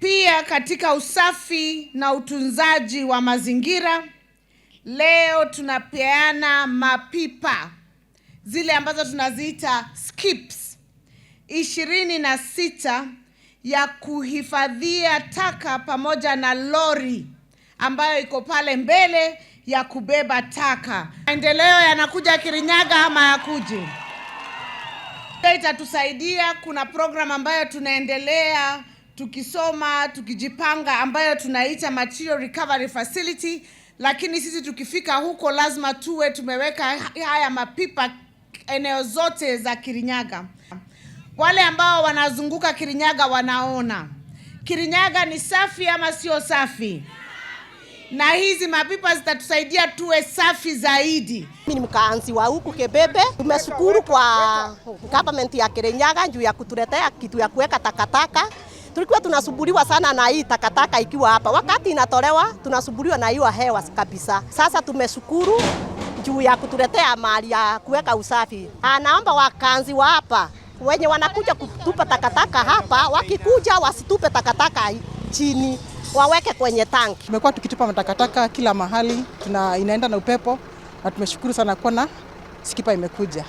Pia katika usafi na utunzaji wa mazingira, leo tunapeana mapipa zile ambazo tunaziita skips ishirini na sita ya kuhifadhia taka pamoja na lori ambayo iko pale mbele ya kubeba taka. Maendeleo yanakuja Kirinyaga ama yakuje? Itatusaidia. Kuna programu ambayo tunaendelea tukisoma tukijipanga, ambayo tunaita material recovery facility. Lakini sisi tukifika huko lazima tuwe tumeweka haya mapipa eneo zote za Kirinyaga. Wale ambao wanazunguka Kirinyaga wanaona Kirinyaga ni safi ama sio safi? Na hizi mapipa zitatusaidia tuwe safi zaidi. Mimi ni mkaanzi wa huku Kebebe. Tumeshukuru kwa government ya Kirinyaga juu ya kutuletea kitu ya kuweka takataka. Tulikuwa tunasubuliwa sana na hii takataka ikiwa hapa, wakati inatolewa tunasubuliwa na hiyo hewa kabisa. Sasa tumeshukuru juu ya kutuletea mali ya kuweka usafi. Anaomba wakanzi wa hapa wenye wanakuja kutupa takataka hapa, wakikuja wasitupe takataka chini, waweke kwenye tanki. Tumekuwa tukitupa matakataka kila mahali tuna, inaenda na upepo, na tumeshukuru sana kuona sikipa imekuja.